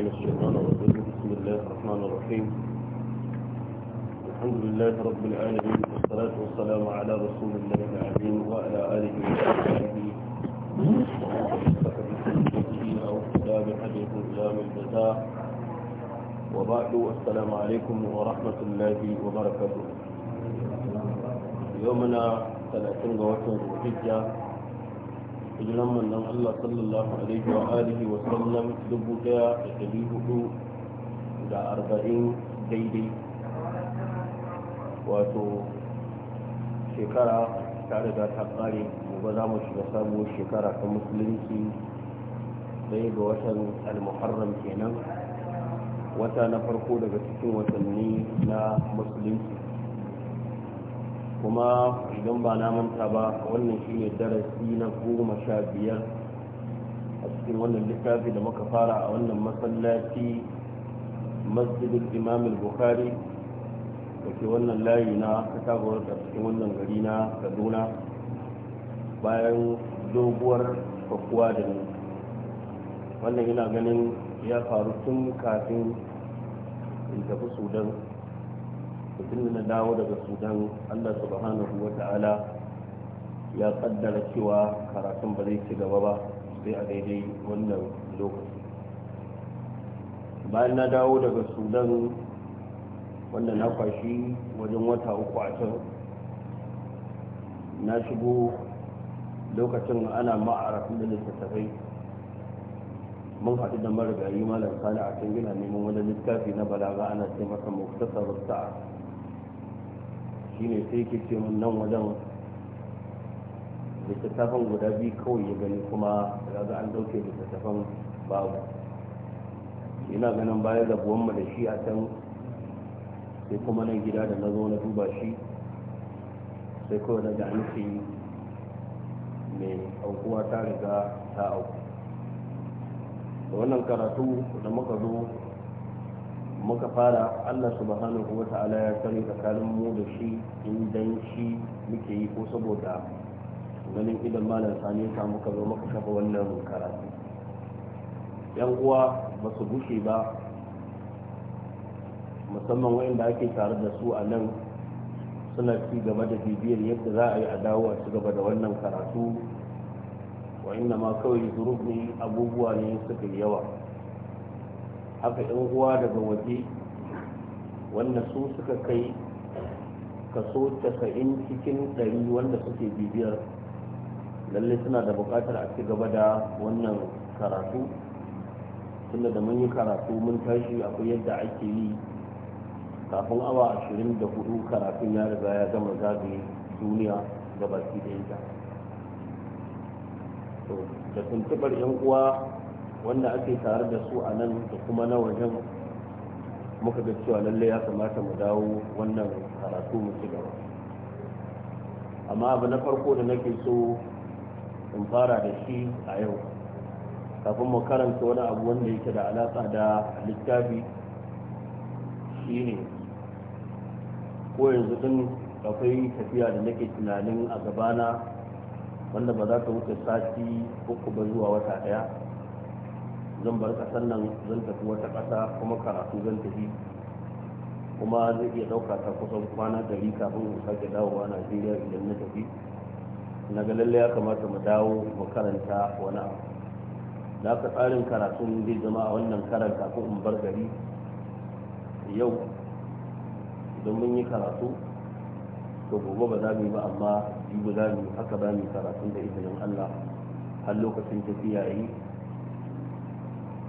من الشيطان الرجيم بسم الله الرحمن الرحيم الحمد لله رب العالمين والصلاة والسلام على رسول الله العظيم وعلى آله وصحبه وبعد السلام عليكم ورحمة الله وبركاته يومنا 30 وقت الحجة hijiran mannan Allah sallallahu alaihi wa alihi wa sallam dubu daya da dari hudu da arba'in daidai wato shekara ta riga ta kare gobe za mu shiga sabuwar shekara ta musulunci ɗaya ga watan almuharram kenan wata na farko daga cikin watanni na musulunci kuma idan ba na manta ba wannan shine darasi na goma sha biyar a cikin wannan littafi da muka fara a wannan masallaci masjidin imamul bukhari da ke wannan layi na katagowar da cikin wannan gari na kaduna bayan doguwar kakuwa da ni wannan yana ganin ya faru tun kafin in tafi sudan mutum na dawo daga sudan allah subhanahu wa ta'ala ya kaddara cewa karatun ba zai ci gaba ba sai a daidai wannan lokaci bayan na dawo daga sudan wanda na kwashi wajen wata uku a can na shigo lokacin ana ma'arafin da littattafai mun haɗu da marigayi malam sani a can gina neman wani littafi na balaga ana taimaka masa ta sa'a shine sai ke ce mun nan wajen littattafan guda biyu kawai ya gani kuma ya ga an dauke littattafan babu ina ganin bayan zabuwan mu da shi a can sai kuma nan gida da na zo na duba shi sai kawai na ga an ce mai aukuwa ta riga ta auku da wannan karatu da muka zo muka fara Allah subhanahu wa ta'ala ya sani tsakanin mu da shi indan shi muke yi ko saboda ganin idan malam sani ya muka zo muka kafa wannan karatu yan uwa ba su bushe ba musamman wayanda ake tare da su a nan suna ci gaba da bibiyar yadda za a yi a dawo a ci gaba da wannan karatu wa inna ma kawai zuruf abubuwa ne suka yi yawa haka yan uwa daga waje wanda su suka kai kaso casa'in cikin ɗari wanda suke bibiyar lalle suna da buƙatar a ci gaba da wannan karatu tunda da mun yi karatu mun tashi akwai yadda ake yi kafin awa ashirin da hudu karatun ya riga ya gama zagaye duniya da baki da ita da tuntuɓar 'yan uwa wanda ake tare da su a nan da kuma na wajen muka ga cewa lalle ya kamata mu dawo wannan karatu mu ci gaba amma abu na farko da nake so in fara da shi a yau kafin mu karanta wani abu wanda yake da alaƙa da littafi shine ko yanzu din akwai tafiya da nake tunanin a gabana wanda ba za ta wuce sati uku ba zuwa wata ɗaya zan bar kasar nan zan tafi wata kasa kuma karatu zan tafi kuma zai iya ɗauka ta kusan kwana gari kafin mu sake dawowa najeriya idan na tafi na ga lalle ya kamata mu dawo mu karanta wani abu da aka tsarin karatu zai zama a wannan karan kafin in bar gari yau idan mun yi karatu to gobe ba za mu yi ba amma jibi za mu yi haka ba mu karatun da izinin allah har lokacin tafiya yi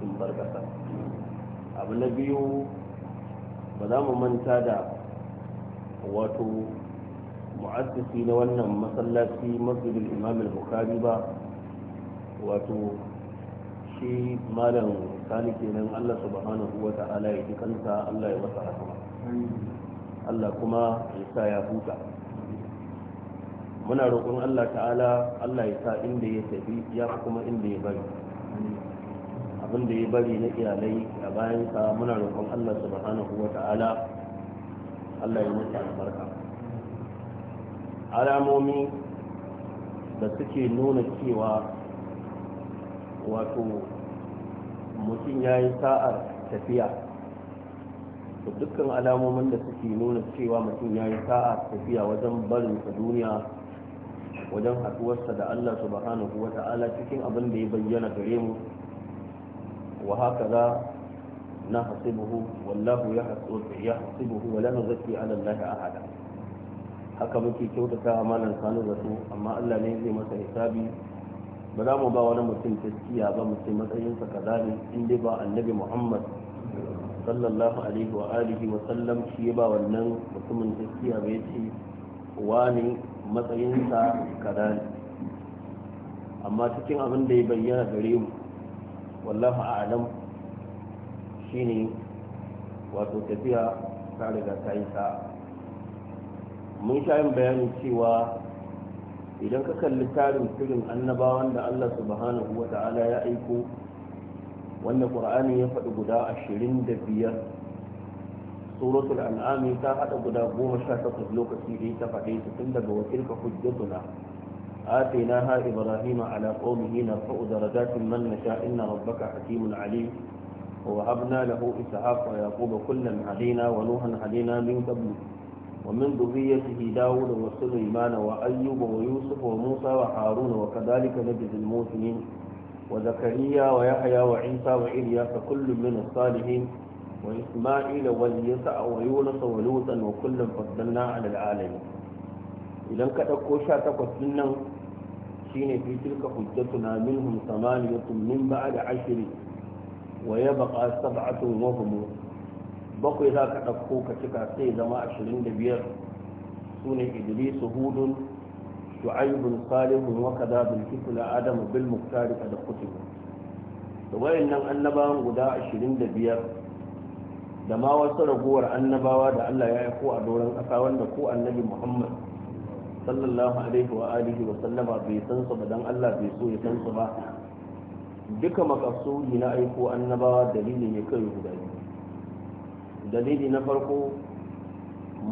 cikin barkasa abu na biyu ba za mu manta da wato mu'assisi na wannan masallaci masjidin imam al-bukhari ba wato shi malam sani kenan Allah subhanahu wa ta'ala ya ji kansa Allah ya masa rahama Allah kuma ya sa ya huta muna roƙon Allah ta'ala Allah ya sa inda ya tafi ya kuma inda ya bari abin da ya bari na iyalai a bayan sa muna roƙon Allah subhanahu wa ta'ala Allah ya mutu albarka alamomi da suke nuna cewa wato mutum ya yi sa'ar tafiya to dukkan alamomin da suke nuna cewa mutum ya yi sa'ar tafiya wajen barinsa duniya wajen haɗuwarsa da Allah subhanahu wa ta'ala cikin abin da ya bayyana gare mu وهكذا نحسبه والله يحسبه ولا نزكي على الله أحدا haka muke kyautata amalan sanu da su amma Allah ne zai masa hisabi ba za mu ba wani mutum taskiya ba mu ce matsayinsa kaza ne in dai ba annabi Muhammad sallallahu alaihi wa alihi wa sallam shi ba wannan mutumin taskiya bai ce wani matsayinsa kaza ne amma cikin abin da ya bayyana gare mu wallahu a'lam shine wato tafiya ta riga ta yi sa'a mun sha yin bayanin cewa idan ka kalli tarin firin annabawan da Allah subhanahu wa ta'ala ya aiko wanda ƙur'ani ya faɗi guda ashirin da biyar suratul an'ami ta haɗa guda goma sha takwas lokaci da ta faɗe su tun daga wakilka hujjatuna آتيناها إبراهيم على قومه نرفع درجات من نشاء إن ربك حكيم عليم ووهبنا له إسحاق ويعقوب كلا علينا ونوحا علينا من قبل ومن ذريته داود وسليمان وأيوب ويوسف وموسى وهارون وكذلك نجزي المؤمنين وزكريا ويحيى وعيسى وإلياس كل من الصالحين وإسماعيل واليسع ويونس ولوطا وكلا فضلنا على العالمين إذا كتبوا تقصد السنة shine fi tilka hujjatuna minhum samaniyatun min ba'da ashri wa yabqa sab'atun wa hum bakwai za ka ɗauko ka cika sai zama ashirin da biyar su ne idrisu hudun shu'aibun salihun wa kaza bil kifla adam bil muktari da kutubu da wayannan annabawan guda ashirin da biyar da ma wasu ragowar annabawa da Allah ya aiko a doron ƙasa wanda ko annabi Muhammad sallallahu alaihi wa alihi wa sallama bai san su ba dan Allah bai so ya san su ba duka makasudi na aiko annabawa dalili ne kai guda dalili na farko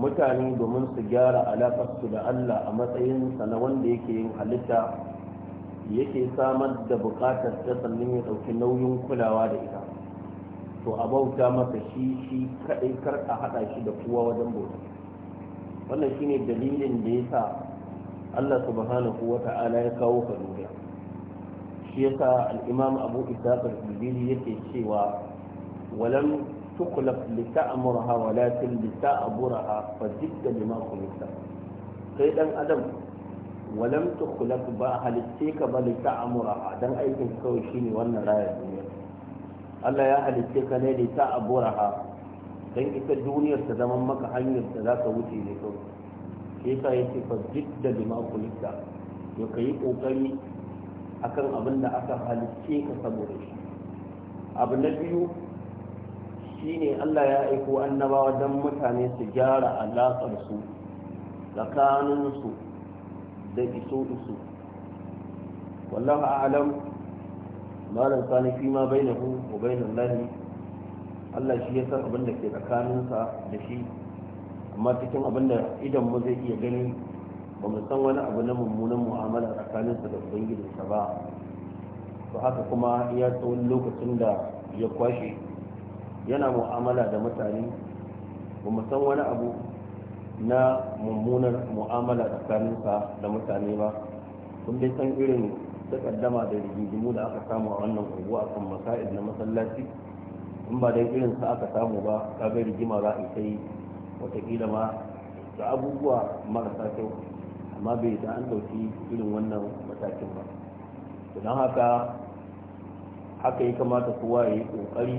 mutane domin su gyara alaƙar su da Allah a matsayin sa na wanda yake yin halitta yake samar da buƙatar ta sannan ya ɗauki nauyin kulawa da ita to a bauta masa shi shi kaɗai kar a haɗa shi da kowa wajen bauta wannan shine dalilin da ya sa Allah subhanahu ta'ala ya kawo ka duniya shi yasa al-Imam Abu Ishaq al-Bibili yake cewa walam تخلق لتأمرها ولكن لتأبرها فجد لما خلقت kai dan adam walam tukhlaq ba halitte ka ba li ta'muraha dan aikin kawai shine wannan rayar duniya Allah ya halitte ka ne li ta'buraha don ita duniyar ta zama maka hanyar da za ka wuce ne kawai shi yasa ya ce fa jidda lima kulita to ka yi a akan abin da aka halicce ka saboda shi abu na biyu shine Allah ya aiko annabawa don mutane su gyara alaƙar tsakaninsu tsakanin da iso iso wallahu a'lam malam sani fi ma ko bai na lahi Allah shi ya san abin da ke tsakaninsa da shi amma cikin abin da idan mu zai iya gani ba mu san wani abu na mummunan mu'amala tsakaninsa da ubangijinsa ba to haka kuma ya tsawon lokacin da ya kwashe yana mu'amala da mutane ba mu san wani abu na mummunar mu'amala tsakaninsa da mutane ba kun dai san irin takaddama da rigingimu da aka samu a wannan unguwa kan masa'il na masallaci in ba dai irin su aka samu ba kaga rigima za a sai watakila ma da abubuwa marasa kyau amma bai da an dauki irin wannan matakin ba don haka haka ya kamata kowa ya yi kokari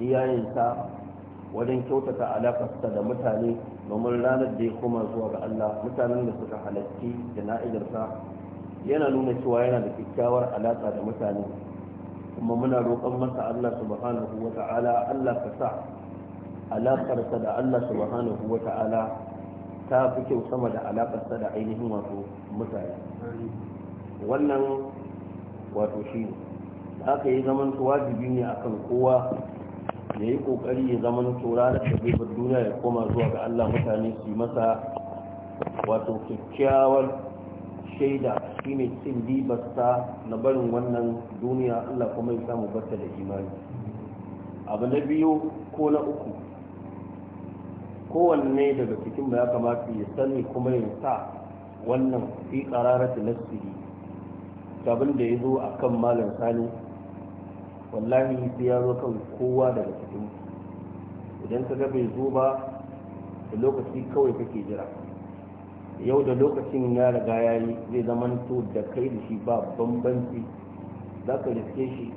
iyayensa wajen kyautata alakarsa da mutane domin ranar da ya koma zuwa ga Allah mutanen da suka halarci da jana'izarsa yana nuna cewa yana da kyakkyawar alaƙa da mutane kuma muna roƙon masa Allah subhanahu wa ta'ala Allah ka sa alaƙarsa da Allah subhanahu wa ta'ala ta fi kyau sama da alaƙarsa da ainihin wato mutane wannan wato shi ne aka yi zaman wajibi ne akan kowa ya yi ƙoƙari ya zaman tura da duniya ya koma zuwa ga Allah mutane su yi masa wato kyakkyawar shaida shine cin dibasta na barin wannan duniya Allah kuma ya samu barta da imani abu na biyu ko na uku kowanne daga cikin ya kamata ya sani kuma ya sa wannan fi qararati nasiri gabin da ya zo a kan malam sani wallahi sai ya zo kan kowa daga cikin idan ka ga bai zo ba da lokaci kawai kake jira yau da lokacin ya riga ya yi zai zama to da kai da shi ba bambanci za ka riske shi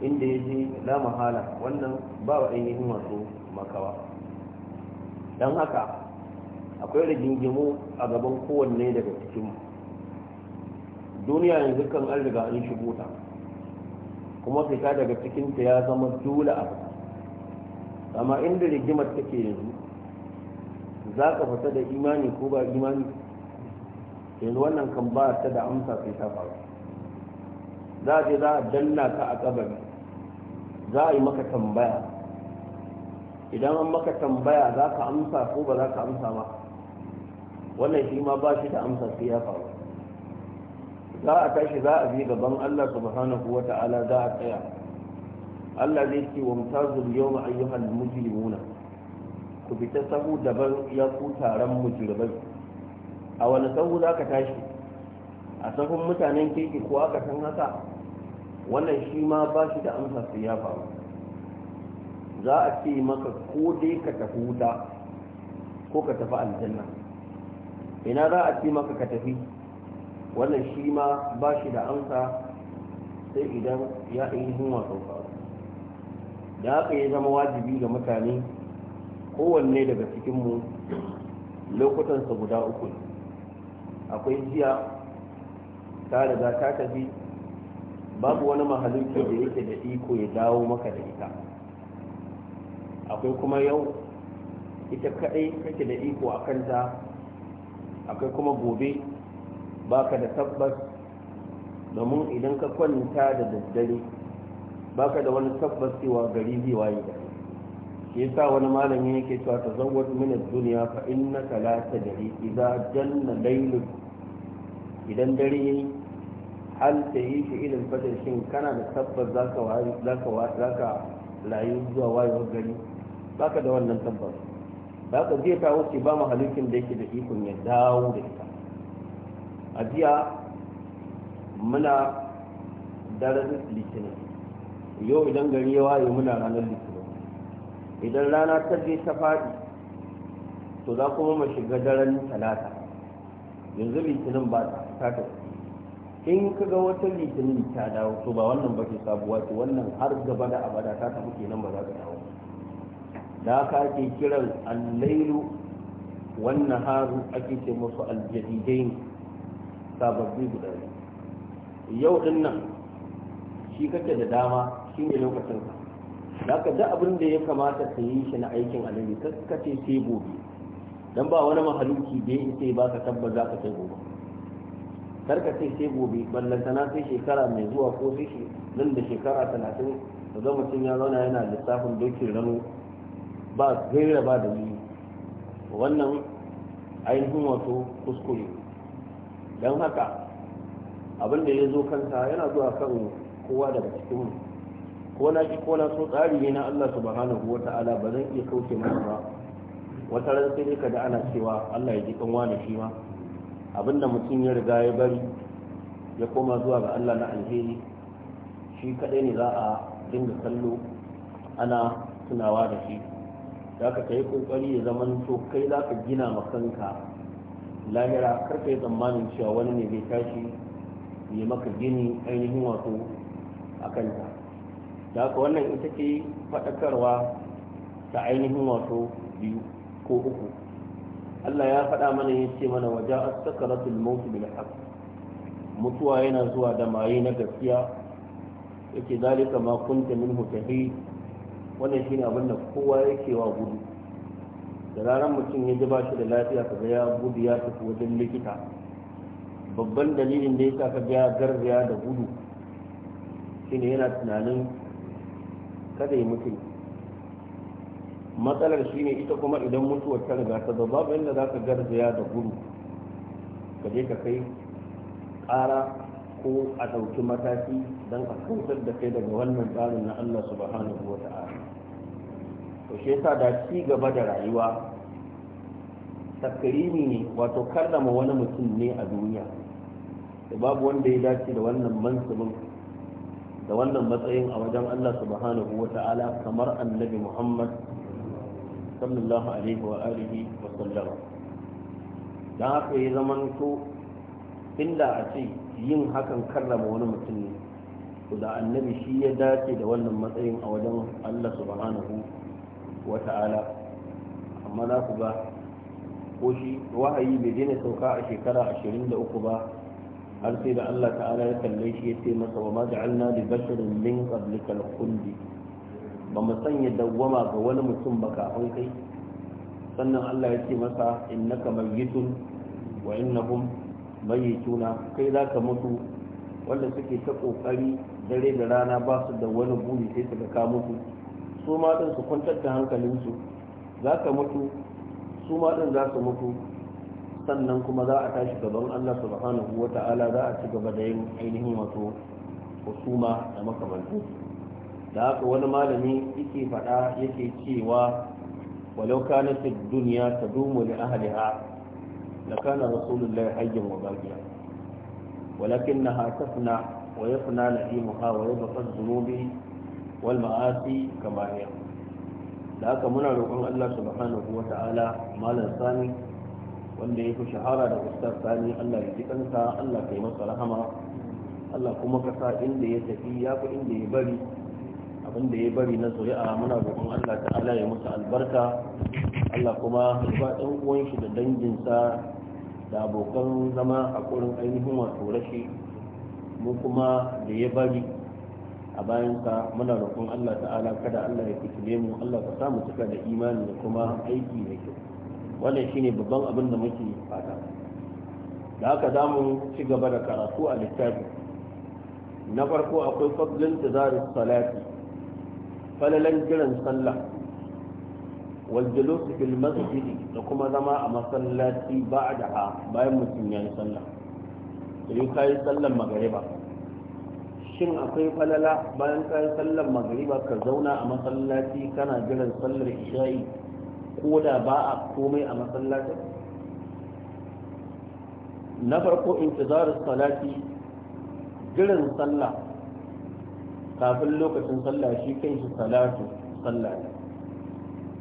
inda ya je la mahala wannan ba wa ainihin wasu makawa don haka akwai rigingimu a gaban kowanne daga cikin duniya yanzu kan an riga an shigo ta kuma fita daga cikinta ya zama dole a amma inda rigimar take yanzu za ka fita da imani ko ba imani yanzu wannan kan ba ta da amsa sai ta faru za a je za a danna ka a kabari za a yi maka tambaya idan an maka tambaya za ka amsa ko ba za ka amsa ba wannan shi ma ba shi da amsa sai ya faru za a tashi za a je gaban Allah subhanahu wa ta'ala za a tsaya Allah zai ce wa mutazul yawma ayyuhal mujrimuna ku fita sahu daban ya ku taron mujirbai a wani sahu za ka tashi a sahun mutanen keke ko aka san haka wannan shi ma ba shi da amsa su ya faru za a ce maka ko dai ka tafi wuta ko ka tafi aljanna ina za a ce maka ka tafi wannan shi ma ba shi da amsa sai idan ya ainihin wasan faru da haka ya zama wajibi ga mutane kowanne daga cikinmu lokutansa guda uku ne akwai jiya ta riga ta tafi babu wani mahalinki da yake da iko ya dawo maka da ita akwai kuma yau ita kaɗai kake da iko a kanta akwai kuma gobe baka da tabbas domin idan ka kwanta da daddare baka da wani tabbas cewa gari zai waye da ke sa wani malami yake cewa ta zawar minar duniya fa inna ka la ta dari idan janna lailu idan dare yayi hal ta yi shi ilin fadar shin kana da tabbas zaka wayi zaka zaka rayu zuwa wayewar gari ba ka da wannan tabbas zaka zai ta wuce ba mu halittin da yake da ikon ya dawo da ita a jiya muna daren litinin yau idan gari ya waye muna ranar litinin idan rana ta je ta faɗi to za kuma mu shiga daren talata yanzu litinin ba ta tafi in ka ga wata litinin ta dawo to ba wannan ba ke sabuwa to wannan har gaba da abada ta tafi kenan ba za ka dawo da ka ke kiran allailu wannan haru ake ce musu aljadidai sababbi guda yau din nan shi kake da dama shi ne lokacin ka haka duk abin da ya kamata ka yi shi na aikin annabi ka ce sai gobe dan ba wani mahaluki da ya sai ba ka tabba za ka kai gobe kar ka ce sai gobe sana sai shekara mai zuwa ko sai shi nan da shekara talatin ka ga mutum ya zauna yana lissafin dokin rano ba gaira ba da ni wannan ainihin wato kuskure don haka abin da ya zo kansa yana zuwa kan kowa daga cikin ko na ki ko na so tsari ne na Allah subhanahu ta'ala ba zan iya kauce masa ba wata ran sai ka da ana cewa Allah ya ji kan wani shi ma abinda mutum ya riga ya bari ya koma zuwa ga Allah na alheri shi kadai ne za a dinga kallo ana tunawa da shi za ka kai kokari ya zaman to kai za ka gina ma kanka lahira karka yi tsammanin cewa wani ne zai tashi ya maka gini ainihin wato a kanta da haka wannan ita ce faɗakarwa ta ainihin wato biyu ko uku Allah ya faɗa mana ya ce mana waje a sakaratul mawtu bil haqq mutuwa yana zuwa da maye na gaskiya yake zalika ma kunta minhu tahi wannan shine abin da kowa yake wa gudu da ranar mutum ya ji shi da lafiya ka ga ya gudu ya tafi wajen likita babban dalilin da yasa ka ga garzaya da gudu shine yana tunanin kada ya mutu matsalar shine ita kuma idan mutuwar ta riga ta zaba babu yadda za ka garzaya da gudu ka je ka kai ƙara ko a ɗauki mataki don a kautar da kai daga wannan tsarin na Allah subhanahu wa ta'ala to shi yasa da ci gaba da rayuwa takrimi ne wato karrama wani mutum ne a duniya da babu wanda ya dace da wannan mansubin da wannan matsayin a wajen Allah subhanahu wa ta'ala kamar annabi Muhammad sallallahu alaihi wa alihi wa sallama dan haka ya zaman to inda a ce yin hakan karrama wani mutum ne to da annabi shi ya dace da wannan matsayin a wajen Allah subhanahu wa ta'ala amma za ku ga ko shi wahayi bai daina sauka a shekara 23 ba har sai da Allah ta'ala ya kalle shi ya ce masa wa ma ja'alna li basharin min qablika al-khuldi ba mu sanya dawwama ga wani mutum ba kafin kai sannan Allah ya ce masa innaka mayyitun wa innahum mayyituna kai ka mutu wanda suke ta kokari dare da rana ba su da wani buri sai su ga ka mutu su ma din su kwantar da hankalinsu zaka mutu su ma din za su mutu sannan kuma za a tashi gaban Allah subhanahu wa ta'ala za a ci gaba da yin ainihin wato husuma da makamantu da haka wani malami yake faɗa yake cewa walau kana fi duniya ta dumu li ahliha la kana rasulullahi hayyan wa baqiya na tafna wa yafna na'imuha wa yabqa dhunubi wal ma'asi kama hiya da haka muna roƙon Allah subhanahu wa ta'ala malam sani wanda ya fi shahara da ustaz sani Allah ya ji kansa Allah kai masa rahama Allah kuma ka sa inda ya tafi ya fi inda ya bari abin da ya bari na zuri'a muna roƙon Allah ta'ala ya musu albarka Allah kuma ba ɗan uwan shi da danginsa da abokan zama a kurin ainihin wato rashi mu kuma da ya bari a bayansa muna roƙon Allah ta'ala kada Allah ya fitile mu Allah ka samu mu cika da imani da kuma aiki mai kyau wannan shine babban abin da muke fata da haka za mu ci gaba da karatu a littafi na farko akwai fadlin tazari salati falalan jiran sallah wal julus fil masjid da kuma zama a masallaci ba ba'daha bayan mutum ya yi sallah sai yi sallan magariba shin akwai falala bayan ka yi sallar magariba ka zauna a masallaci kana jiran sallar isha'i koda ba a komai a masallacin na farko intizarar salati girin sallah kafin lokacin sallah shi kai shi salatu sallah ne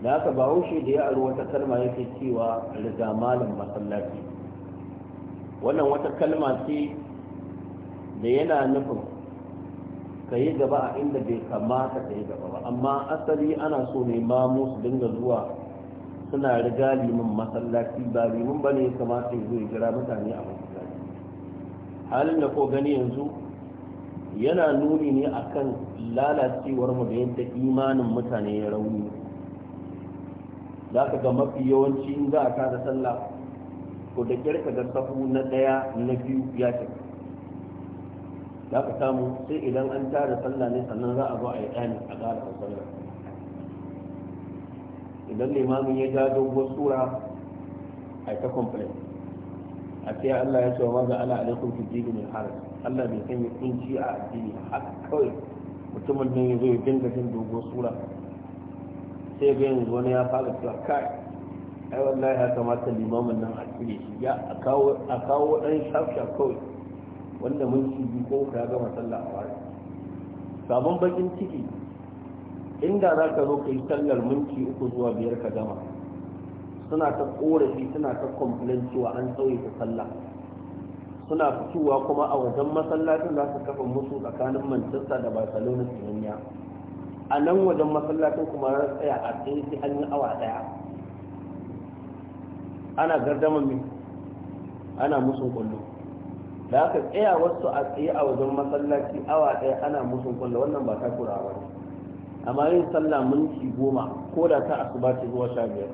da aka ba haushe da ya aro wata kalma yake cewa riga masallaci wannan wata kalma ce da yana nufin ka yi gaba a inda bai kamata ka yi gaba ba amma asali ana so ne mamu su dinga zuwa suna riga limin masallaci ba limin ba ne kamata ya zo ya jira mutane a masallaci halin da ko gani yanzu yana nuni ne akan lalacewar mu da yadda imanin mutane ya rauni za ka ga mafi yawanci in za a kada sallah ko da kirka da sahu na ɗaya na biyu ya ce za ka samu sai idan an tara sallah ne sannan za a zo a yi ɗani a ƙara sallah idan limamin ya ja dogon sura a ta complain a ce Allah ya ce wa maza ala alaikum fi dini haraj Allah bai sanya kunci a addini har kawai mutumin nan ya zo ya dinga jin dogon sura sai ga yanzu wani ya fara cewa kai ai wallahi ya kamata limamin nan a cire shi ya a kawo a kawo dan shafsha kawai wanda mun ci ko ka gama sallah a wani sabon bakin ciki inda za ka zo ka yi sallar minti uku zuwa biyar ka gama suna ta korafi suna ta komplain cewa an sauye ta sallah suna fitowa kuma a wajen masallacin za su kafa musu tsakanin manchester da barcelona sinaniya a nan wajen masallacin kuma ran tsaya a tsaye sai an yi awa daya ana gardama mai ana musu kwallo da aka tsaya wasu a tsaye a wajen masallaci awa daya ana musu kwallo wannan ba ta kurawa ne amma yin sallah minti goma ko da ta asuba ce zuwa sha biyar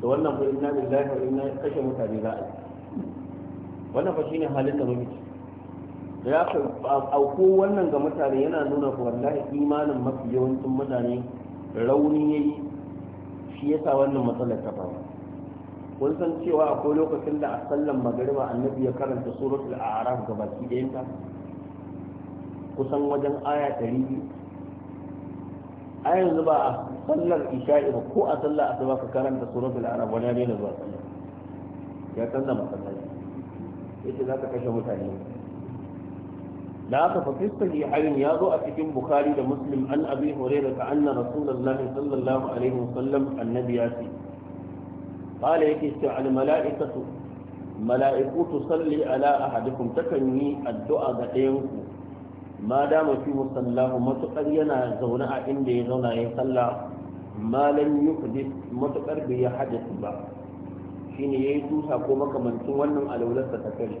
da wannan ko inna billahi wa inna kashe mutane za a yi wannan fa shine halin da muke ya ka auko wannan ga mutane yana nuna ko wallahi imanin mafi yawancin mutane rauni yayi shi yasa wannan matsalar ta faru kun san cewa akwai lokacin da a sallan magariba annabi ya karanta suratul a'raf gabaki ɗayanta kusan wajen aya 200 a yanzu ba a sallar isha'i ba ko a sallar asuba ka karanta suratul arab wani ne da zuwa sallar ya canza masallaci yace za ka kashe mutane da aka fafi sahihain ya zo a cikin bukhari da muslim an abi hurairah ka anna rasulullah sallallahu alaihi wasallam annabi ya ce qala yake ce al mala'ikatu mala'iku tusalli ala ahadikum takan yi addu'a ga ɗayan ku ma dama fi musallahu matuƙar yana zaune a inda ya zauna ya sallah malam yukdi matuƙar bai ya hadasi ba shine yayi tusa ko makamancin wannan alaularsa ta kare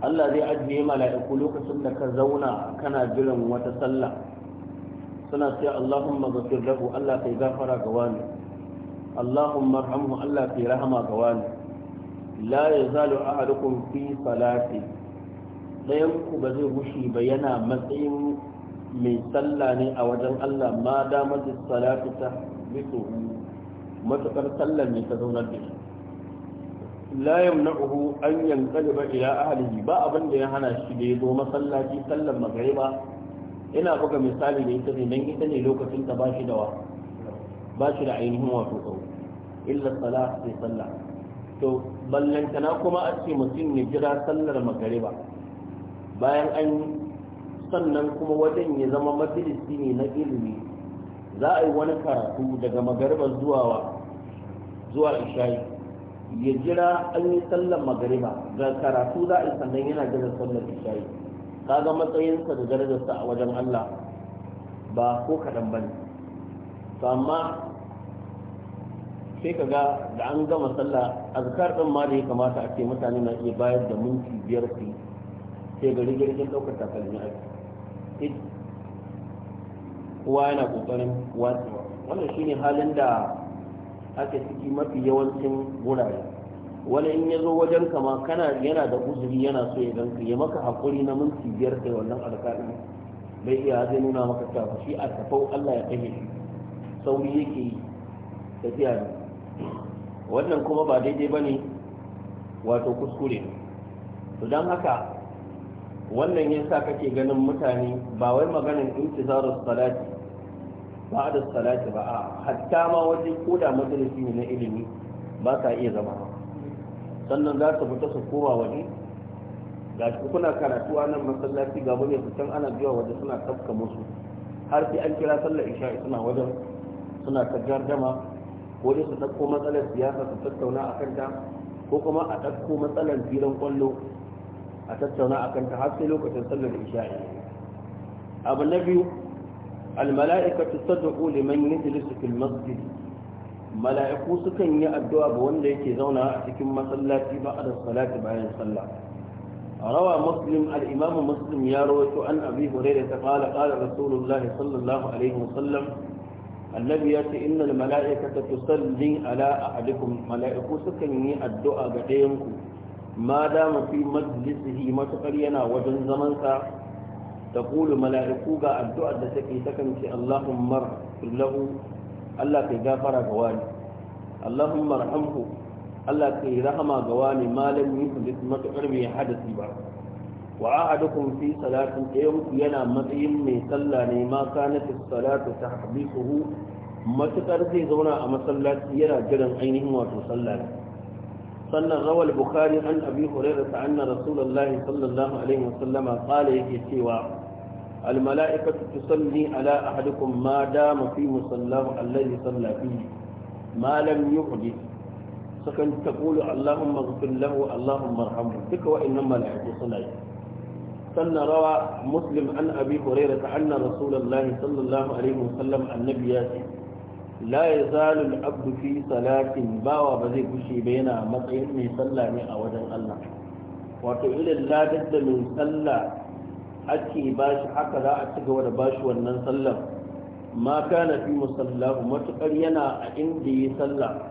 Allah zai ajiye mala'iku lokacin da ka zauna kana jiran wata sallah suna ce Allahumma ghafir lahu Allah kai gafara ga wani Allahumma arhamhu Allah kai rahama ga wani la yazalu ahadukum fi salati ɗayan ba zai gushi ba yana matsayin mai sallah ne a wajen Allah ma damar da salatu ta bisu matuƙar sallar ne ta zaunar da shi na yamna'uhu an ba ila ahlihi ba abin da ya hana shi da ya zo masallaci sallar magriba ina buga misali da ita ne dan ita ne lokacin ta shi da bashi da ainihin wato tsawo illa salah sai sallah to ballantana kuma a ce mutum ne jira sallar magriba bayan an yi sannan kuma wajen ya zama majalisi ne na ilimi za a yi wani karatu daga magariba zuwa zuwa ishayi ya jira an yi sallar magariba ga karatu za a yi sannan yana gina sallar ishayi ga matsayinsa da darajarsa a wajen Allah ba ko kaɗan ba ne amma sai ka ga da an gama sallah azkar ɗin ma da ya kamata a ce mutane na iya bayar da minti biyar su sai gari jirgin ɗaukar takalmi a kowa yana ƙoƙarin watsewa wannan shine halin da ake ciki mafi yawancin wurare wani in ya zo wajen kama kana yana da uzuri yana so ya ganka ya maka haƙuri na minti biyar kai wannan alƙalin bai iya zai nuna maka cewa shi a tafau Allah ya kashe shi sauri yake yi tafiya ne wannan kuma ba daidai ba ne wato kuskure to don haka wannan ya sa kake ganin mutane ba wai maganin intizarus salati ba da salati ba a hatta ma wajen koda majalisi ne na ilimi ba ka iya zama sannan za su fita su koma waje ga kuna karatu a nan masallaci ga wani can ana biya waje suna tafka musu har sai an kira sallar isha suna wajen suna ta gardama ko dai su ɗauko matsalar siyasa su tattauna a kanta ko kuma a tafko matsalar filin kwallo a tattauna akan ta har sai lokacin sallar isha'i abu na biyu almala'ika ta saddaƙo liman yajlisu fil masjid mala'iku sukan yi addu'a ga wanda yake zauna a cikin masallaci ba a salati bayan sallah روى مسلم الإمام مسلم يروي عن أبي هريرة قال قال رسول الله صلى الله عليه وسلم annabi ya ce innal mala'ikata tusalli ala ahadikum mala'iku sukan yi addu'a ga ɗayan ku ma dama fi majlisihi matuƙar yana wajen zamansa ta kulu mala'iku ga addu'ar da take takan ce Allahumma lahu Allah kai gafara ga wani Allahumma rahamhu Allah kai rahama ga wani malam yuhdith matukar bai hadasi ba wa ahadukum fi salatin ɗayan yana matsayin mai sallah ne ma kana fi salatu tahbisuhu matuƙar zai zauna a masallaci yana jiran ainihin wato sallah ne sannan rawal bukhari an abi hurairah ta anna rasulullahi sallallahu alaihi wasallam qala yake cewa al mala'ikatu tusalli ala ahadikum ma dama fi musallahu alladhi salla fihi ma lam yuhdith sakan taqulu allahumma ighfir lahu allahumma arhamhu duka wa'annan mala'iku suna yi sannan rawa muslim an abi hurairah ta anna rasulullahi sallallahu alaihi wasallam annabi ya ce la yazalu abdu fi salatin bawa ba zai gushe ba yana matsayin mai sallah ne a wajen Allah wato irin ladar da mai sallah ake haka za a ci gaba da bashi wannan sallar ma kana fi musallahu matukar yana a inda yi sallah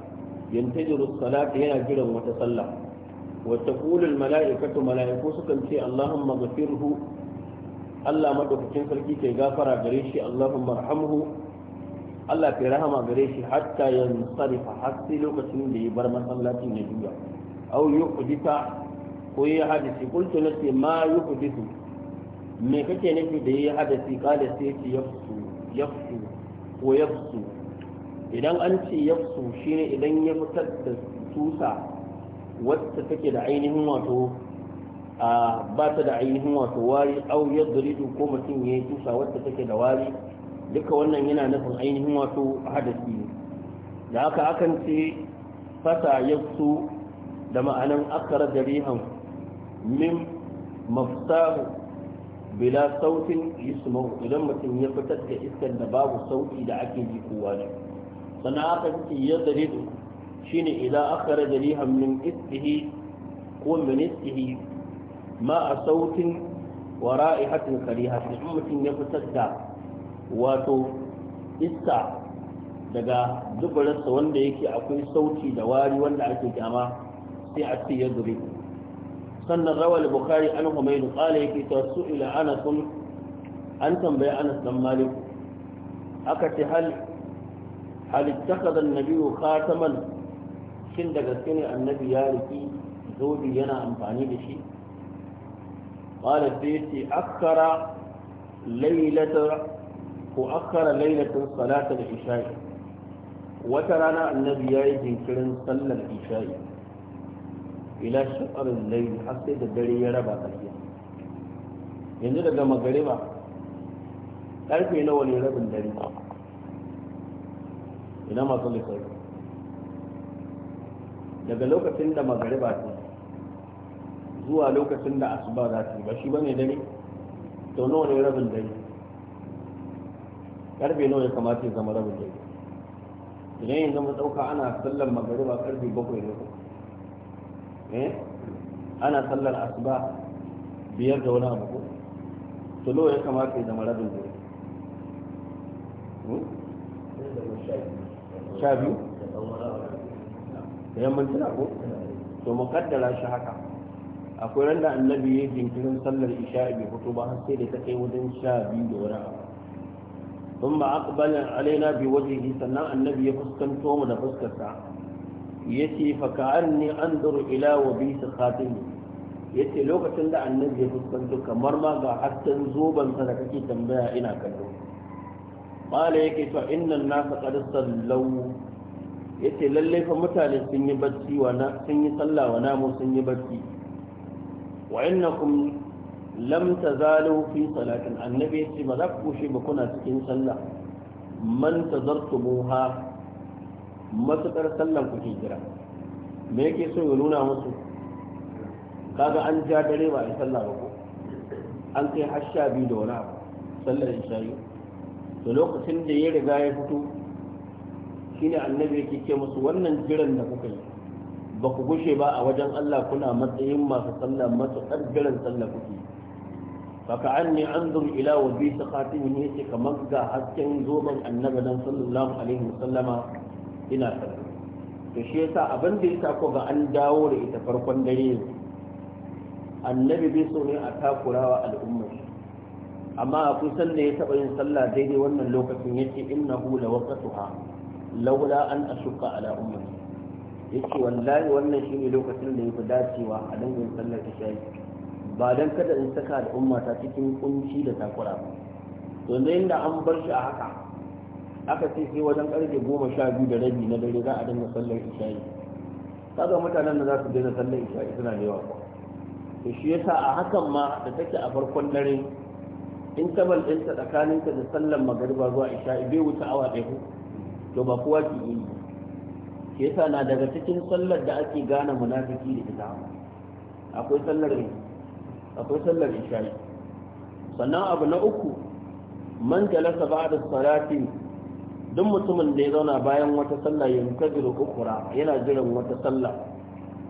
yantajiru salata yana jiran wata sallah wa taqulul mala'ikatu mala'iku sukan ce Allahumma ghafirhu Allah madaukakin sarki kai gafara gare shi Allahumma arhamhu Allah kai rahama gare shi hatta yansarifa har sai lokacin da ya bar masallacin duniya au yi yuhdita ko ya hadisi na ce ma yuhdisu me kake nufi da ya hadisi kada sai ce yafsu yafsu ko yafsu idan an ce yafsu shine idan ya fitar da tusa wacce take da ainihin wato a ba ta da ainihin wato wari au yadridu ko mutum ya yi tusa wacce take da wari duka wannan yana nufin ainihin wato hadasi ne da aka akan ce fata yaksu da ma'anin akara da rihan min mafsahu bila sautin ismau idan mutum ya fitar da iskar da babu sauti da ake ji kowa ne sannan akan ce ya zaridu shine idan akara da rihan min istihi ko min istihi ma a sautin wara'i wa ra'ihatin karihatin mutum ya fitar da wato iska daga dubararsa wanda yake akwai sauti da wari wanda ake kyama sai a ce ya sannan rawal bukari an humainu kala yake ta su ila anasun an tambaye anas dan malik aka ce hal hal ittakhadha an-nabiyyu shin daga gaske annabi ya riki zobi yana amfani da shi qala sai ce laylata ko akhara lailatin da isha'i wata rana annabi yayi jinkirin sallar isha'i ila shaqarin layl har sai da dare ya raba tsakiya yanzu daga magariba karfe nawa ne rabin dare ina masu lissafi daga lokacin da magariba ta zuwa lokacin da asuba za ta yi ba shi ba bane dare to nawa ne rabin dare karfe nawa ya kamata ya zama rabin dare idan yanzu mu dauka ana sallar magariba karfe bakwai ne eh ana sallar asuba biyar da wani abu ko to nawa ya kamata ya zama rabin dare hmm? sha biyu da yamman tuna ko to mu kaddara shi haka akwai randa annabi ya jinkirin sallar isha'i bai fito ba har sai da ta kai wajen sha biyu da wani abu sun aqbal alaina bi wajhi sannan annabi ya fuskanto mu da fuskarta yace fa ka'anni anzuru ila wabi sakatini yace lokacin da annabi ya fuskanto kamar ma ga hatan zoban sa da kake tambaya ina kallo qala yake fa inna an-nasa qad sallaw yace lalle fa mutane sun yi bacci wa na sun yi sallah wa na mu lam tazalu fi salatin annabi ce ba za ku kushe ba kuna cikin sallah man tazartumuha matukar sallan ku ke jira me yake so ya nuna musu kaga an ja dare ba a sallah ba ko an kai har sha biyu da wani abu sallar isha'i to lokacin da ya riga ya fito shine annabi yake ce musu wannan jiran da kuka yi ba ku gushe ba a wajen Allah kuna matsayin masu sallah masu jiran sallah kuke yi. baka an ne an zur ila wa bi ta khatin ne ce kamar ga hasken zoben annabi dan sallallahu alaihi wasallama ina ta to shi yasa abin da yasa ko ga an dawo da ita farkon dare annabi bai so ne a takurawa al'ummar amma akwai sanda ya taɓa yin sallah daidai wannan lokacin yace innahu la waqtuha laula an ashqa ala ummati yace wallahi wannan shine lokacin da yafi dacewa a dangin sallar isha'i ba don kada in saka da ummata cikin kunci da takura ba yanzu inda an bar shi a haka aka ce sai wajen karfe goma sha biyu da rabi na dare za a dinga sallar isha'i kaga mutanen da za su daina sallar isha'i suna da yawa to shi yasa a hakan ma da take a farkon dare ta ɗinta tsakaninta da sallar magariba zuwa isha'i bai wuce awa ɗaya ko. to ba kowa ke yi shi yasa na daga cikin sallar da ake gane munafiki da ita akwai sallar akwai sallar isha'i sannan abu na uku man jalasa da salati duk mutumin da ya zauna bayan wata sallah ya mukadiru ukura yana jiran wata sallah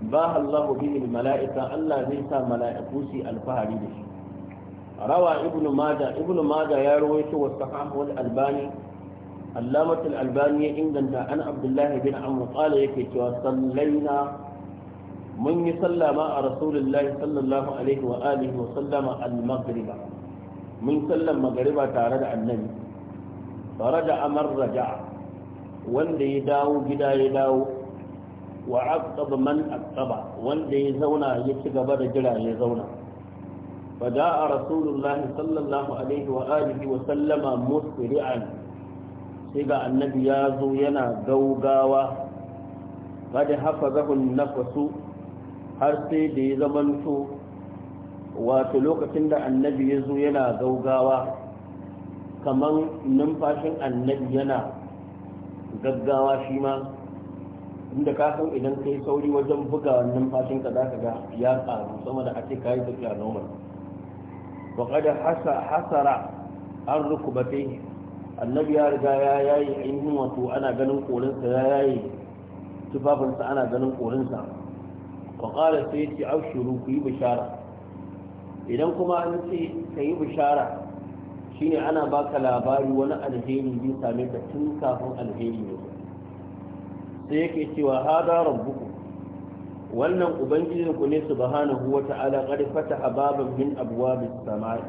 ba Allahu bihi mala'ika Allah zai sa mala'iku su alfahari da shi rawa ibnu mada ibnu mada ya rawaito wa sahahu al-albani allamatul albani ya inganta an abdullahi bin amr qala yake cewa sallaina mun yi sallama a rasulullahi sallallahu alaihi wa alihi wa sallama al-maghriba mun sallan magariba tare da annabi tare da amar raja'a wanda ya dawo gida ya dawo wa aqtab man aqtaba wanda ya zauna ya ci gaba da jira ya zauna da فجاء رسول الله صلى الله عليه وآله وسلم مسرعا سيغا النبي يازو ينا غوغاوا قد حفظه النفس har sai da ya su wato lokacin da annabi ya zo yana gaugawa kamar numfashin annabi yana gaggawa shi ma inda ka san idan ka yi sauri wajen buga numfashin ka zaka ga ya karu sama da ake kayi tafiya normal wa qad hasara an rukubatai annabi ya riga ya yayi ainihin wato ana ganin korinsa ya yayi tufafinsa ana ganin korinsa faƙala sai ce abshiru ku yi bishara idan kuma an ce ka yi bishara shine ana baka labari wani alheri zai same ka tun kafin alheri ne sai yake cewa hada rabbuku wannan ubangijin ku ne subhanahu wata'ala qad fataha baban min abwabis samai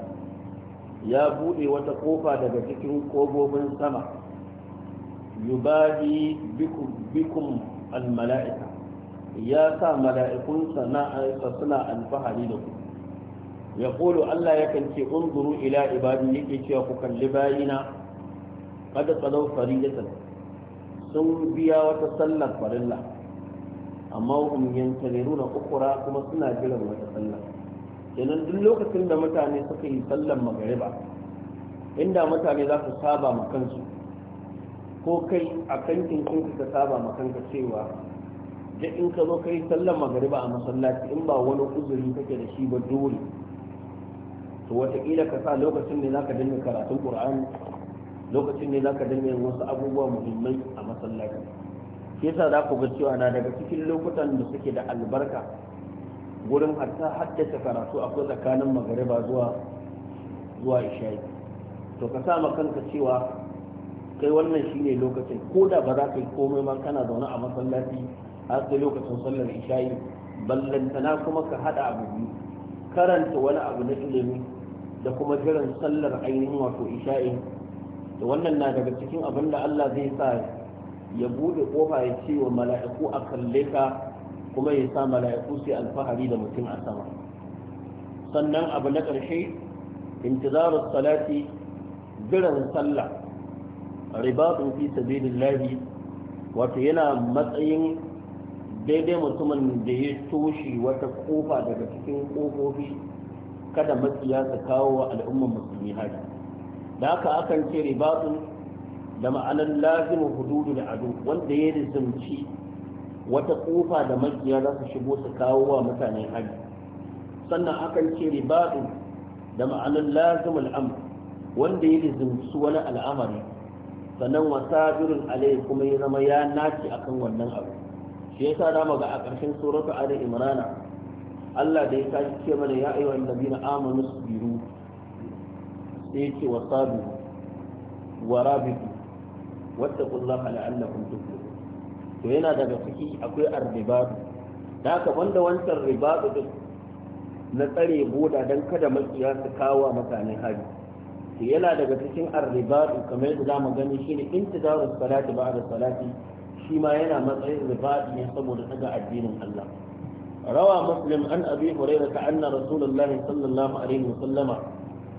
ya bude wata kofa daga cikin kofofin sama yubahi bikum bikum almala'ika ya sa mala'ikunsa na suna alfahari da ku ya ƙolo Allah yakan ce unzuru ila ibadi yake cewa ku kalli bayina kada tsadau faridatan sun biya wata sallar farilla amma hum na ukura kuma suna jiran wata sallar kenan duk lokacin da mutane suka yi sallar magariba inda mutane za su saba ma kansu ko kai a kankin kinka ka saba ma kanka cewa da in ka zo ka yi sallar magariba a masallaci in ba wani uzuri kake da shi ba dole to wataƙila ka sa lokacin ne zaka dinga karatun qur'ani lokacin ne zaka dinga yin wasu abubuwa muhimmai a masallaci shi sa za ku ga cewa na daga cikin lokutan da suke da albarka gurin hatta haddace karatu akwai tsakanin magariba zuwa zuwa isha'i to ka sa ma kanka cewa kai wannan shine lokacin ko da ba za ka yi komai ma kana zaune a masallaci har sai lokacin sallar isha'i ballantana kuma ka hada abu biyu karanta wani abu na ilimi da kuma jiran sallar ainihin wato isha'i da wannan na daga cikin abin da Allah zai sa ya bude kofa ya ce wa mala'iku a kalle ka kuma ya sa mala'iku sai alfahari da mutum a sama sannan abu na ƙarshe intizarus salati jiran sallah ribatun fi sabilillahi wato yana matsayin daidai mutumin da ya toshe wata kofa daga cikin kofofi kada matsiya su kawo wa al'ummar musulmi hari da haka akan ce ribatun da ma'anar lazimin hududu da ado wanda ya rizumci wata kofa da matsiya za su shigo su kawo wa mutane hari sannan akan ce ribatun da ma'anar lazimin al'amur wanda ya rizumci wani al'amari sannan birin alai kuma ya zama ya naci akan wannan abu shi yasa da ga a ƙarshen suratu ali imrana Allah da ya tashi ce mana ya ayyuha allazina amanu sabiru sai ya ce wasabi wa rabitu wattaqullaha la'allakum tuflihun to yana daga ciki akwai arribatu da haka wanda wancan ribatu din na tsare boda don kada makiya su kawo mutane hari to yana daga cikin arribatu kamar yadda zamu gani shine intizaru salati ba'da salati shi ma yana matsayin riba'i ne saboda daga addinin Allah rawa muslim an abi ta anna rasulullahi sallallahu alaihi wasallama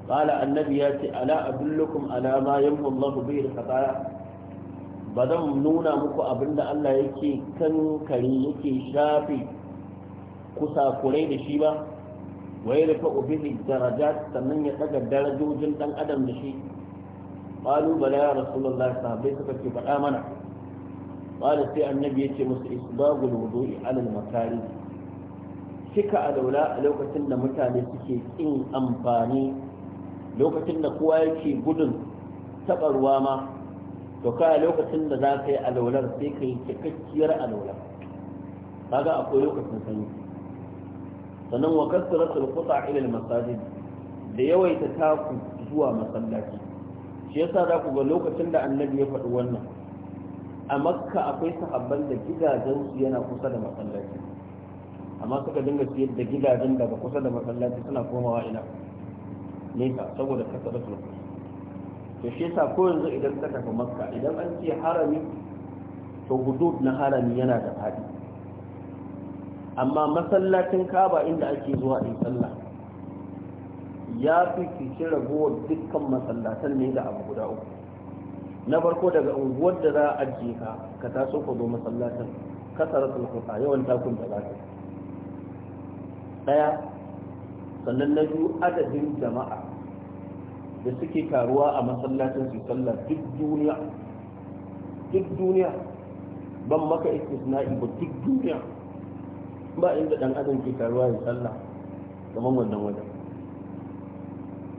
قال النبي ياتي الا ادلكم على ما يمحو الله به الخطايا bazan nuna muku abinda Allah yake kankare yake shafi kusakurai da shi ba waye da fa'u bihi darajat sannan ya daga darajojin dan adam da shi qalu bala ya rasulullah sahabbai suka ce faɗa mana قال سي النبي يتي مس إسباغ الوضوء على المكارم cika alaula a lokacin da mutane suke ƙin amfani lokacin da kowa yake gudun taɓa ma to kaya lokacin da za ka yi alaular sai ka yi cikakkiyar alaular kaga akwai lokacin sanyi sannan wa kasratul quta ila masajid da yawaita taku zuwa masallaci shi yasa za ku ga lokacin da annabi ya faɗi wannan a makka akwai sahabban da gidajensu yana kusa da masallaci amma suka dinga siyar da gidajen daga kusa da masallaci suna komawa ina nesa saboda kasa da sulhu to shi yasa ko yanzu idan ka tafi makka idan an ce harami to hudud na harami yana da fadi amma masallacin kaba inda ake zuwa in sallah ya fi kishi ragowar dukkan masallatan ne da abu guda uku na farko daga unguwar da za a ajiye ka ka taso ka zo masallacin kasaratul khata yawan takun da za zaka daya sannan na biyu adadin jama'a da suke taruwa a masallacin su sallah duk duniya duk duniya ban maka istisna'i ba duk duniya ba inda dan adam ke taruwa ya sallah kamar wannan wajen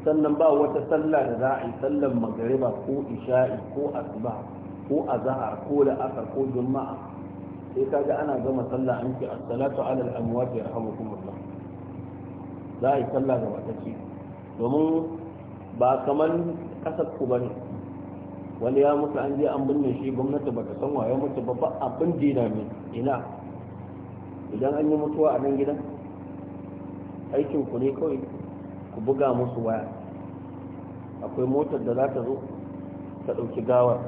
sannan ba wata sallah da za a yi sallan magariba ko isha'i ko asuba ko azhar ko la'asar ko juma'a sai kaga ana gama sallah an ce as-salatu ala al-amwat yarhamukumullah za a yi sallah ga ce domin ba kamar kasar ku bane wani ya mutu an je an binne shi gwamnati ba ta san waye mutu ba abin dina ne ina idan an yi mutuwa a nan gidan aikin ku ne kawai ku buga musu waya akwai motar da za ta zo ta ɗauki gawar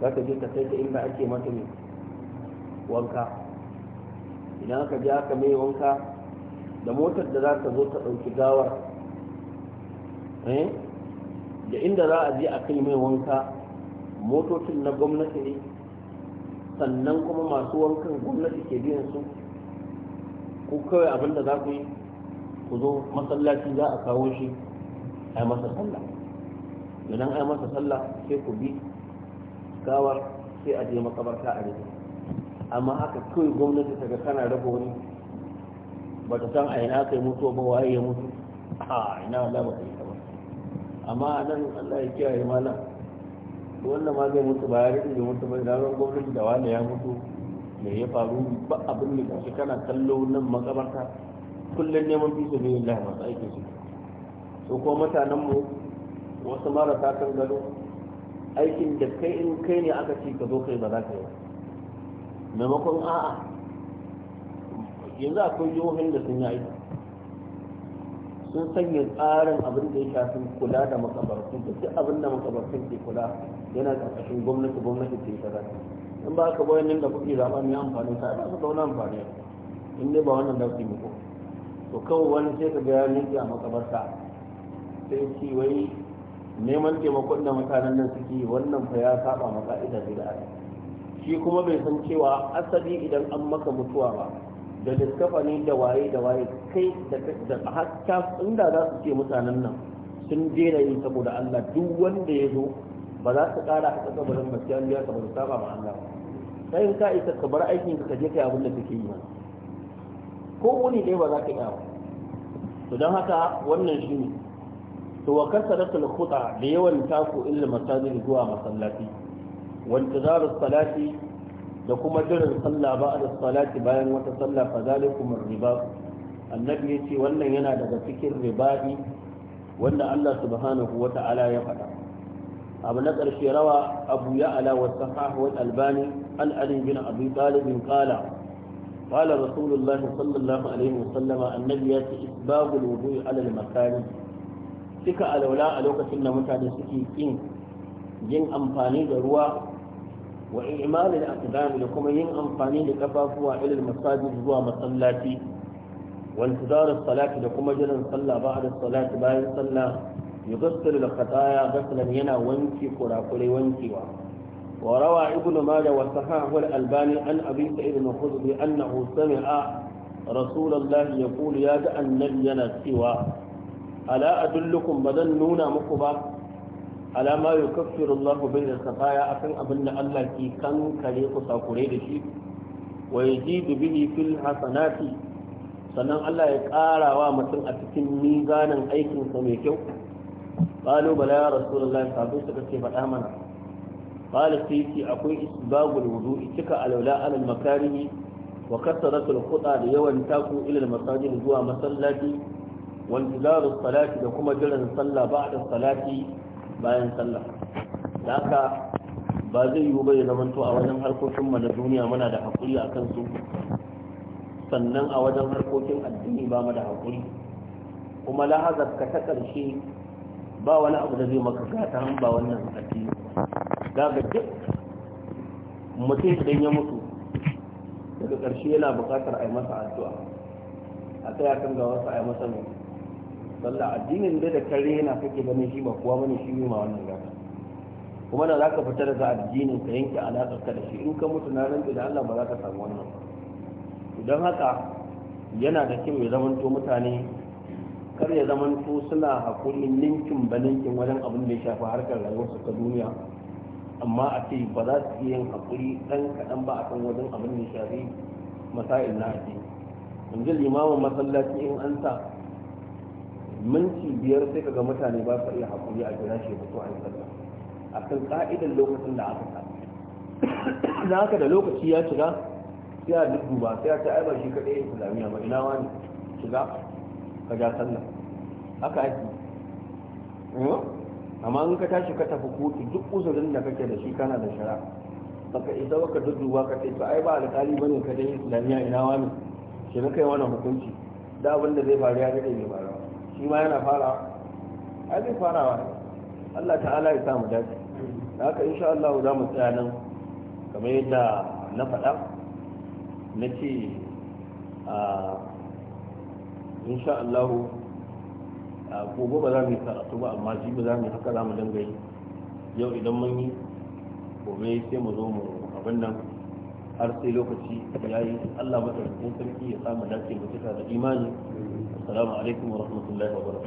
za ta je ta kai ta inda ake mata ne wanka idan aka je aka mai wanka da motar da za ta zo ta ɗauki gawar eh, da inda za a je a kai mai wanka motocin na gwamnati ne sannan kuma masu wankan gwamnati ke biyan su ko kawai abin da za ku yi ku zo masallaci za a kawo shi a masa sallah idan a masa sallah sai ku bi gawar sai a je makabarta a rikin amma haka kawai gwamnati ta ga kana rabo wani ba ta san a ina kai mutu ba waye ya mutu a ina wala ba ta yi ba amma nan Allah ya kiyaye malam wannan ma zai mutu ba ya rikin da mutu bai ranar gwamnati da wani ya mutu me ya faru ba abin da shi kana kallo nan makabarta kullum neman fi sabilillah masu aikin su to ko mutanen mu wasu marasa kan gado aikin da kai in kai ne aka ci ka zo kai ba za ka yi ba maimakon a'a yanzu akwai jihohin da sun yi aiki sun sanya tsarin abin da ya shafi kula da makabartun da duk abin da makabartun ke kula yana ƙarƙashin gwamnati gwamnati ce ta zata in ba ka bayanin da kuke zaɓa ne amfani sa, ba su da wani amfani in dai ba wannan da su yi muku to kawai wani sai ka ga ya a makabarta sai ce wai neman taimakon da mutanen nan suke wannan fa ya saba maka idan da ake shi kuma bai san cewa asali idan an maka mutuwa ba da diskafani da waye da waye kai da hatta inda za su ce mutanen nan sun daina yi saboda Allah duk wanda ya zo ba za su kara a ba sai an ya saboda saba ma Allah sai in ka isa ka bar aikin ka je kai abin da kake yi ba. ko wuni ɗaya ba za ka iya ba to don haka wannan shi ne to wa da khuta da yawan taku illa masajid zuwa masallaci za su salati da kuma jiran sallah ba'da salati bayan wata sallah fa zalikum riba annabi yace wannan yana daga cikin riba'i wanda Allah subhanahu wata'ala ya faɗa abu na ƙarshe rawa abu ya ala wa sahahu al albani an ali bin abi talib qala قال رسول الله صلى الله عليه وسلم النبي يأتي إسباب الوضوء على المكان suka alaula a lokacin da mutane suke kin yin amfani da ruwa wa imalin aqdam da kuma yin amfani da kafafuwa ilal masajid zuwa masallaci wa intizar salati da kuma jiran sallah ba'da salati bayan sallah yughassil al khataya ghaslan yana wanke kurakurai wankewa وروى ابن ماجه وصححه الألباني عن أبي سعيد الخدري أنه سمع رسول الله يقول يا جاء النبي سوى ألا أدلكم بدن نونا مكبا على ما يكفر الله بين الخطايا أكن أبن الله كي كان كريق ساكري ويزيد به في الحسنات sannan Allah ya ƙara wa mutum a cikin mizanin aikinsa mai kyau ƙalu bala ya rasulullah sabu suka ce faɗa mana قال سيتي أكوي إسباب الوضوء تكا الولاء على المكاره وكثرة الخطى ليوم تاكو إلى المساجد جوا مسلاتي وانتظار الصلاة لكما جلن صلى بعد الصلاة bayan sallah da haka ba zai yiwu bai zamanto a wajen harkokin mu duniya muna da hakuri a kansu sannan a wajen harkokin addini ba mu da hakuri kuma lahazarka ta ƙarshe ba wani abu da zai maka ta ba wannan addini da duk mutum idan ya mutu daga ƙarshe yana buƙatar a yi masa addu'a a tsaya kan ga wasu a yi masa mai sallah addinin da da kare yana kake ganin shi ba kuwa bane shi ma wannan gata kuma da ka fita daga addinin ka yanke alaƙar ka da shi in ka mutu na rantsi da Allah ba za ka samu wannan idan haka yana da kyau ya zamanto mutane kar ya zamanto suna hakurin ninkin ba ninkin wajen abin da ya shafi harkar rayuwarsu ta duniya amma a ce ba za su iya yin hakuri ɗan kaɗan ba a kan wajen abin da shafi masa'il na addini yanzu limamin masallaci in an sa minti biyar sai kaga mutane ba su iya hakuri a gina shi mutu an sallah a kan ka'idar lokacin da aka sa da haka da lokaci ya shiga sai a duk ba sai a ta aibar shi kaɗai islamiyya ba ina wani shiga ka ja sallah haka ake eh? amma in ka tashi ka tafi kotu duk uzurin da kake da shi kana da shara baka isa baka dudduwa ka ce to ai ba alƙali bane ka dai islamiya ina wani shi na kai wani hukunci da abin da zai faru ya dade bai faru shi ma yana farawa ai zai farawa Allah ta'ala ya sa mu dace haka insha Allah za mu tsaya nan kamar yadda na faɗa na ce a ah, insha Allah a gobe ba za mu yi karatu ba amma shi ba za mu yi haka za mu dinga yi yau idan mun yi gobe sai mu zo mu abin nan har sai lokaci ya yi allah matsayin sarki ya samu dace mu cika da imani assalamu alaikum wa rahmatullahi wa barakatuh